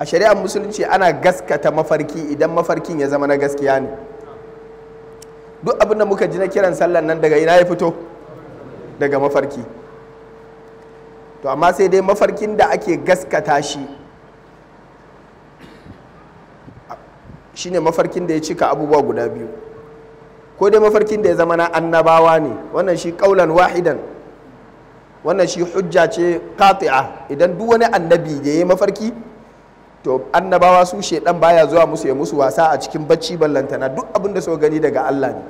a shari'ar musulunci ana gaskata mafarki idan mafarkin ya zama na gaskiya ne duk abin da muka ji na kiran sallan nan daga ina ya fito daga mafarki to amma sai dai mafarkin da ake gaskata shi shine mafarkin da ya cika abubuwa guda biyu ko dai mafarkin da ya zama na annabawa ne wannan shi kaulan wahidan wannan shi hujja ce katia idan duk wani annabi da ya yi mafarki to annabawa su shedan baya zuwa musu ya musu wasa a cikin bacci ballantana duk abin da su gani daga Allah ne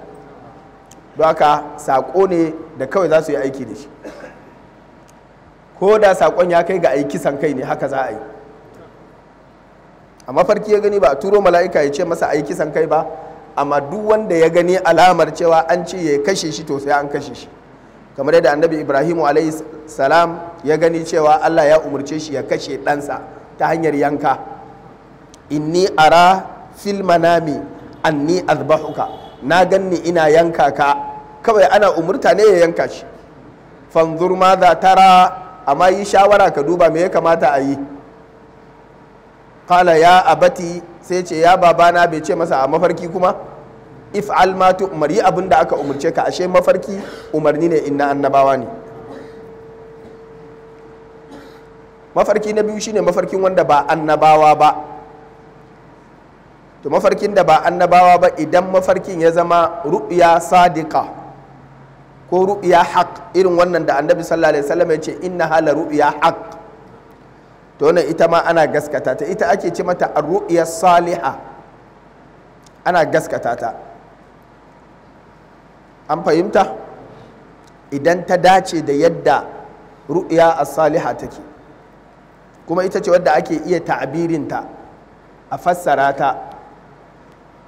don haka sako ne da kawai za su yi aiki da shi ko da sakon ya kai ga aiki san kai ne haka za a yi a mafarki ya gani ba a turo mala'ika ya ce masa aiki san kai ba amma duk wanda ya gani alamar cewa an ce ya kashe shi to sai an kashe shi kamar yadda annabi ibrahimu salam ya gani cewa allah ya umarce shi ya kashe ɗansa ta hanyar yanka inni ara fil manami anni azbahuka na ganni ina yanka ka kawai ana umurta ne ya yanka shi fanzur ma za tara amma yi shawara ka duba me ya kamata a yi kala ya abati sai ce ya babana bai ce masa a mafarki kuma if almatu umar yi abin da aka umarce ka ashe mafarki umarni ne inna annabawa ne mafarki na biyu shine mafarkin wanda ba annabawa ba to mafarkin da ba annabawa ba idan mafarkin ya zama ru'ya sadiqa ko ru'ya haq irin wannan da annabi sallallahu alaihi wasallam ya ce inna hala ru'ya haq to wannan ita ma ana gaskata ta ita ake ce mata ar-ru'ya saliha ana gaskata ta an fahimta idan ta dace da yadda ru'ya as-saliha take kuma ita ce wadda ake iya ta'abirinta a fassara ta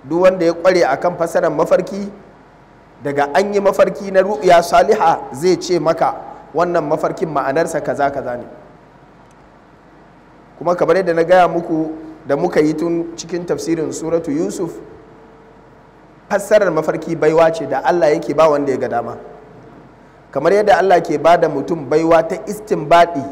duk wanda ya kware a kan fasarar mafarki daga an yi mafarki na ru'ya saliha zai ce maka wannan mafarkin ma'anarsa kaza kaza ne kuma kamar yadda na gaya muku da muka yi tun cikin tafsirin suratu yusuf fassarar mafarki baiwa ce da allah yake ba wanda ya ga dama kamar yadda allah ke ba da mutum baiwa ta istinbadi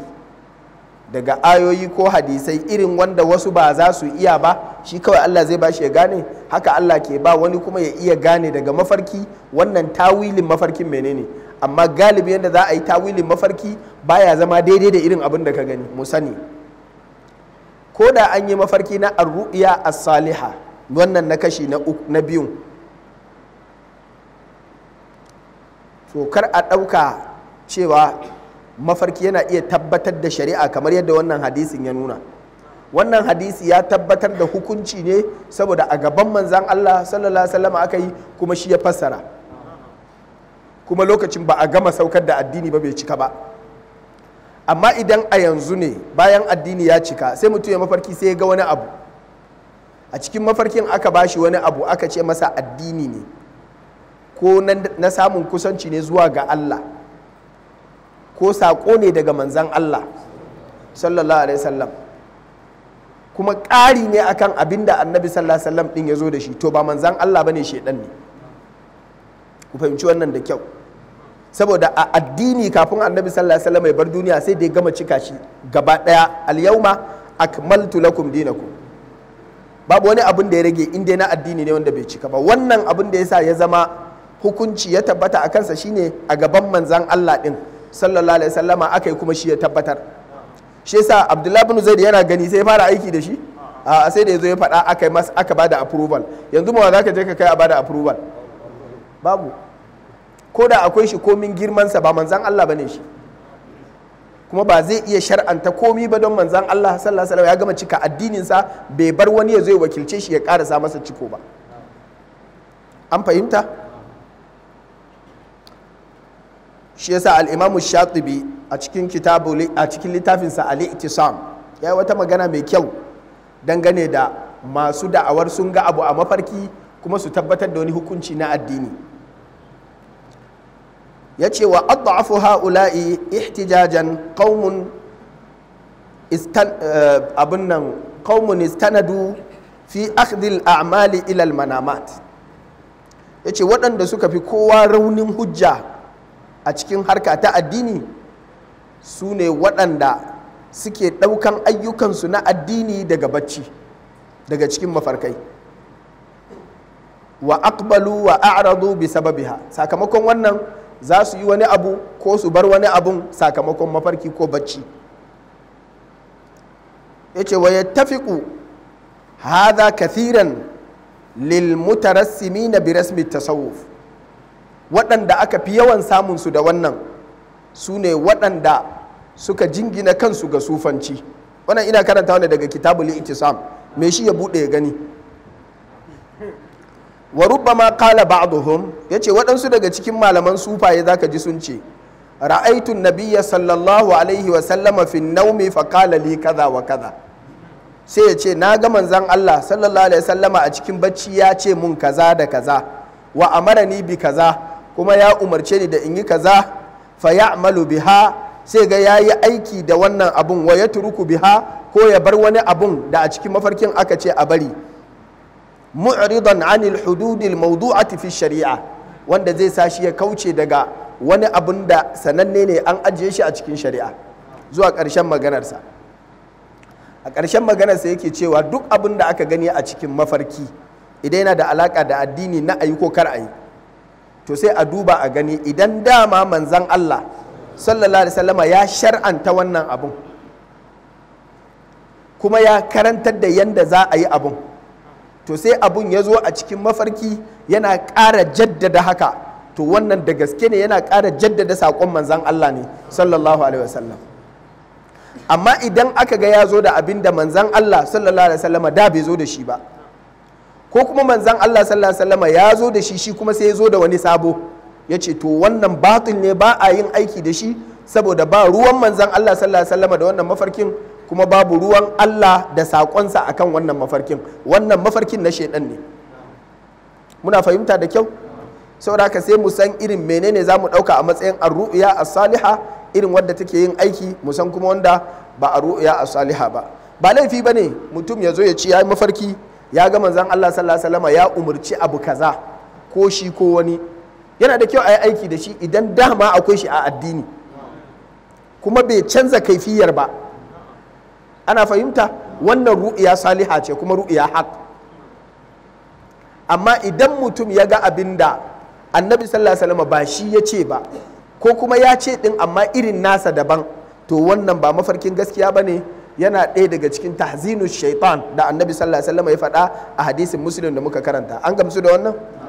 daga ayoyi ko hadisai irin wanda wasu ba za su iya ba shi kawai Allah zai bashi ya gane haka Allah ke ba wani kuma ya iya gane daga mafarki wannan tawilin mafarkin menene amma galibi yadda za a yi tawilin mafarki baya zama daidai da irin abin da ka gani mu sani ko da an yi mafarki na arru'iya as-saliha wannan na kashi na biyu to kar a ɗauka cewa mafarki yana iya tabbatar da shari'a kamar yadda wannan hadisin ya nuna wannan hadisi ya tabbatar da hukunci ne saboda a gaban manzan Allah sallallahu alaihi aka yi kuma shi ya fassara kuma lokacin ba a gama saukar da addini ba bai cika ba amma idan a yanzu ne bayan addini ya cika sai mutum ya mafarki sai ya ga wani abu a cikin mafarkin aka bashi wani abu aka ce masa addini ne ko na samun kusanci ne zuwa ga Allah ko saƙo ne daga manzan Allah sallallahu kuma ƙari ne akan abin da annabi sallallahu alaihi wasallam din ya zo da shi to ba manzan Allah bane shedan ne ku fahimci wannan da kyau saboda a addini kafin annabi sallallahu alaihi wasallam ya bar duniya sai da ya gama cika shi gaba daya al yawma akmaltu lakum dinakum babu wani abin da ya rage in dai na addini ne wanda bai cika ba wannan abin da yasa ya zama hukunci ya tabbata a kansa shine a gaban manzan Allah din sallallahu alaihi wasallama akai kuma shi ya tabbatar shi yasa abdullahi bin zaid yana gani sai fara aiki da shi a sai da yazo ya faɗa aka mas aka bada approval yanzu ma za ka je ka kai a bada approval babu ko da akwai shi komin girmansa ba manzan Allah bane shi kuma ba zai iya shar'anta komi ba don manzan Allah sallallahu alaihi ya gama cika addinin sa bai bar wani ya zo ya wakilce shi ya karasa masa ciko ba an fahimta shi yasa al-imamu shatibi a cikin kitabu a cikin littafinsa al-i'tisam ya yi wata magana mai kyau dangane da masu da'awar sun ga abu a mafarki kuma su tabbatar da wani hukunci na addini ya ce wa adda'afu ha'ula'i ihtijajan qaumun eh, abin nan qaumun istanadu fi akhdhil a'mali ila al-manamat yace waɗanda suka fi kowa raunin hujja a cikin harka ta addini su ne waɗanda suke ɗaukan ayyukansu na addini daga bacci daga cikin mafarkai wa akbalu wa a'radu bi sababiha sakamakon wannan za su yi wani abu ko su bar wani abun sakamakon mafarki ko bacci ya ce wa yattafiqu hadha kathiran lil na bi rasmi tasawuf waɗanda aka fi yawan samunsu da wannan su ne waɗanda suka jingina kansu ga sufanci wannan ina karanta wani daga kitabul itisam me shi ya buɗe ya gani wa rubbama qala ba'dhum yace waɗansu daga cikin malaman sufaye zaka ji sun ce ra'aitun nabiyya sallallahu alaihi wa sallama fi naumi fa qala li kaza wa kaza sai ya ce na ga manzon Allah sallallahu alaihi wa sallama a cikin bacci ya ce mun kaza da kaza wa amarani bi kaza kuma ya umarce ni da in yi kaza fa ya'malu biha sai ga yayi aiki da wannan abun wa ya turuku biha ko ya bar wani abun da a cikin mafarkin aka ce a bari mu'ridan anil hududil mawdu'ati fi shari'a wanda zai sa shi ya kauce daga wani abun da sananne ne an ajiye shi a cikin shari'a zuwa ƙarshen maganarsa a ƙarshen maganarsa yake cewa duk abun da aka gani a cikin mafarki idan yana da alaka da addini na ayi ko kar ayi to sai a duba a gani idan dama manzan Allah sallallahu alaihi wasallama ya shar'anta wannan abun kuma ya karantar da yanda za a yi abun to sai abun ya zo a cikin mafarki yana ƙara jaddada haka to wannan da gaske ne yana ƙara jaddada saƙon manzan Allah ne sallallahu alaihi wasallam amma idan aka ga ya zo da abinda da manzan Allah sallallahu alaihi wasallama da bai zo da shi ba ko kuma manzan Allah sallallahu alaihi wasallam ya zo da shi shi kuma sai ya zo da wani sabo ya ce to wannan batil ne ba a yin aiki da shi saboda ba ruwan manzan Allah sallallahu alaihi wasallam da wannan mafarkin kuma babu ruwan Allah da sakonsa akan wannan mafarkin wannan mafarkin na shaidan ne muna fahimta da kyau saboda ka sai mu san irin menene za mu ɗauka a matsayin arru'ya as-saliha irin wadda take yin aiki mu san kuma wanda ba arru'ya as-saliha ba ba laifi bane mutum ya zo ya ci ya yi mafarki ya ga manzan Allah sallallahu alaihi wasallam ya umurci abu kaza ko shi ko wani yana da kyau a yi aiki da shi idan dama akwai shi a addini kuma bai canza kaifiyar ba ana fahimta wannan ru'iya saliha ce kuma ru'iya haq amma idan mutum ya ga abin da annabi sallallahu alaihi wasallam ba shi ya ce ba ko kuma ya ce din amma irin nasa daban to wannan ba mafarkin gaskiya ba ne yana ɗaya daga cikin tahzinu shaitan da annabi sallallahu alaihi wasallam ya faɗa a hadisin muslim da muka karanta an gamsu da wannan